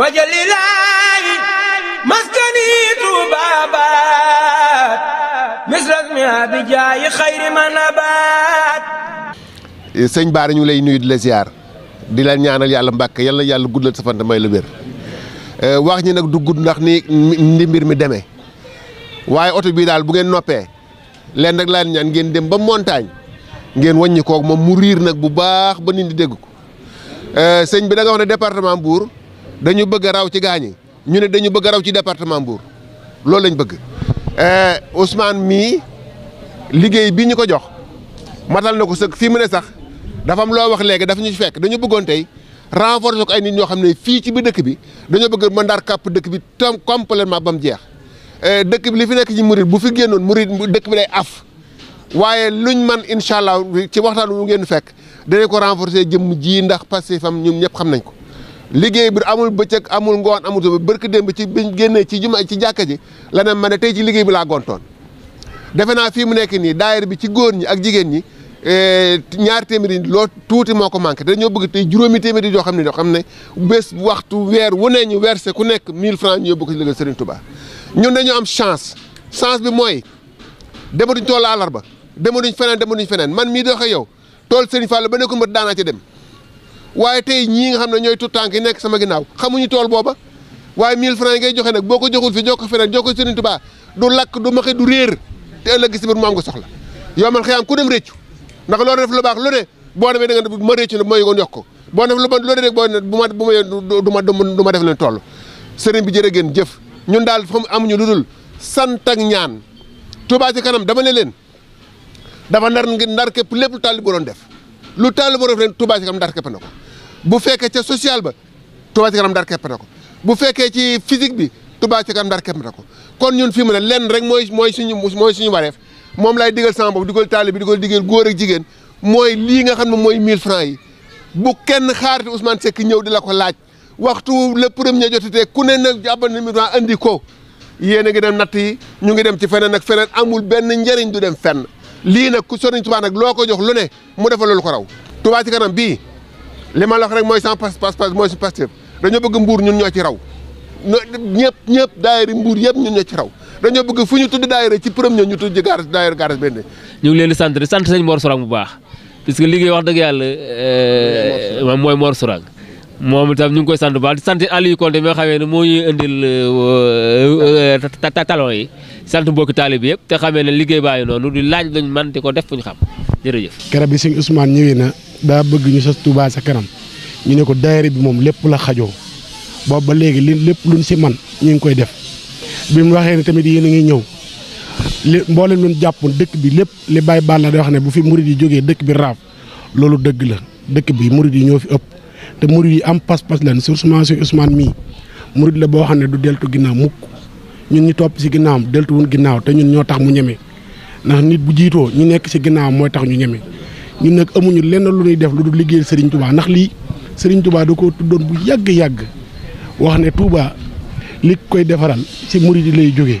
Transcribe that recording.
wajalilaayi maskani tuubaabaat misras mi abijaayi xayri manabaat eh, sëñ Bara ñu lay nuyu di la ziar di la ñaanal yàlla mbàkk yàlla yàlla guddal sa fanta may la wér eh, wax ñi nag du gudd ndax ni ni mbir mi demee waaye oto bii daal bu ngeen noppee leen rek laan ñaan ngeen dem ba montagne ngeen wàññi koog moom mu riir nag bu baax ba nit di dégg ko eh, sëñ bi da nga wax ne département Mbour dañu bëgg raw ci gaañi ñu ne dañu bëgg raw ci département Mbour loolu lañ bëgg eh, Ousmane mii liggéey bi ñu ko jox matal na ko sëkk fii mu ne sax dafa am loo wax léegi dafa ñu fekk dañu bëggoon tey renforcer ko ay nit ñoo xam ne fii ci biir dëkk bi dañoo bëgg mën daar kàpp dëkk bi tam complètement ba mu jeex eh, dëkk bi li fi nekk ci murid bu fi génnoon murid dëkk bi day af waaye luñ man incha allah ci waxtaan wu ngeen fekk danañ ko renforcer jëm jii ndax passé fam ñun ñëpp xam nañ ko liggéey bi amul bëccëg amul ngoon amul suba barki démb ci biñ génnee ci juma ci jàkka ji la ne ma ne tey ci liggéey bi laa gontoon defe naa fii mu nekk nii daayir bi ci góor ñi ak jigéen ñi eh, ñaar téeméeri loo tuuti moo ko manqué dañoo bëgg tey juróomi téeméeri yoo xam ne yoo xam ne bés waxtu weer wu ne ñu verser ku nekk 1000 francs ñu yóbbu ko ci liggéey Serigne Touba ñun dañoo am chance chance bi mooy dematuñ toolu àllarba dematuñ feneen dematuñ feneen man mii doxee yow tool Serigne Fall ba nekkul mbët daanaa ci dem. waaye tey ñii nga xam ne ñooy tuttànk yi nekk sama ginnaaw xamuñu tool booba waaye 1000 francs yi ngay joxe nag boo ko joxul fi jox ko feneen jox ko Sëriñ Tuubaa du lakk du maxe du réer te ëllëg si biir mu am nga soxla yow man xëyaam ku dem réccu ndax loo def lu baax lu ne boo demee da nga ma réccu ne bu ma yëgoon yokk boo def lu bon loo def rek boo ne bu ma bu ma du ma du ma def leen toll sëriñ bi jërë ngeen jëf ñun daal fa mu amuñu lu dul sant ak ñaan Tuubaa ci kanam dama ne leen dafa ndar ndar képp lépp lu taalibe bu doon def lu taalibe bu doon def leen Tuubaa ci kanam ndar képp na ko bu fekkee ca social ba Touba ci kanam Ndar képp na ko bu fekkee ci physique bi tubaa ci kanam Ndar képp ko kon ñun fii mu ne lenn rek mooy mooy suñu mooy suñu wareef moom laay digal sama bopp di ko taali bi di ko digal góor ak jigéen mooy lii nga xam ne mooy 1000 francs yi bu kenn xaarati Ousmane Seck ñëw di la ko laaj waxtu le premier jotatee ku ne nag jàppal na mi indi ko yéen a ngi dem natt yi ñu ngi dem ci feneen ak feneen amul benn njëriñ du dem fenn lii nag ku soriñ Touba nag loo ko jox lu mu defal ko raw li la rek mooy sans pas pas mooy su Pastef dañoo bëgg mbuur ñun ñoo ci raw ñëpp ñëpp daayira mbuur yëpp ñun ñoo ci raw dañoo bëgg fu ñu tudd daayira ci premier ñu tudd gaar daayira leen di sant di sant sëñ Mor Sourang bu baax parce que liggéey wax dëgg yàlla euh, mooy Mor Sourang moom itam ñu ngi koy sant bu baax di sant Aliou Konte mi nga xamee ne moo ñuy indil euh, yi sant mbokki taalib yëpp te xamee ne liggéey bàyyi noonu di laaj lañ man di ko def fu ñu xam jërëjëf. keroog bi sëñ Ousmane ñëwee na. daa bëgg ñu sos Touba sa kanam ñu ne ko daayira bi moom lépp la xajoo boobu ba léegi li lépp luñ si man ñu ngi koy def bi mu waxee ne tamit yéen a ngi ñëw li mboolem luñ jàppoon dëkk bi lépp li Baye Balla day wax ne bu fi murid yi jógee dëkk bi raaf loolu dëgg la dëkk bi murid yi ñoo fi ëpp te murid yi am pas-pas lan sur Ousmane su usmaan mii murid la boo xam ne du deltu ginnaaw mukk ñun ñu topp ci si ginnaawam deltuwun ginnaaw te ñun ñoo tax mu ñeme ndax nit bu jiitoo ñu nekk si ginnaaw mooy tax ñu ñeme ñun nag amuñu lenn lu ñuy def lu dul liggéeyal Serigne Touba ndax lii Serigne Touba da ko tuddoon bu yàgg yàgg wax ne Touba li koy defaral ci murid yi lay jógee.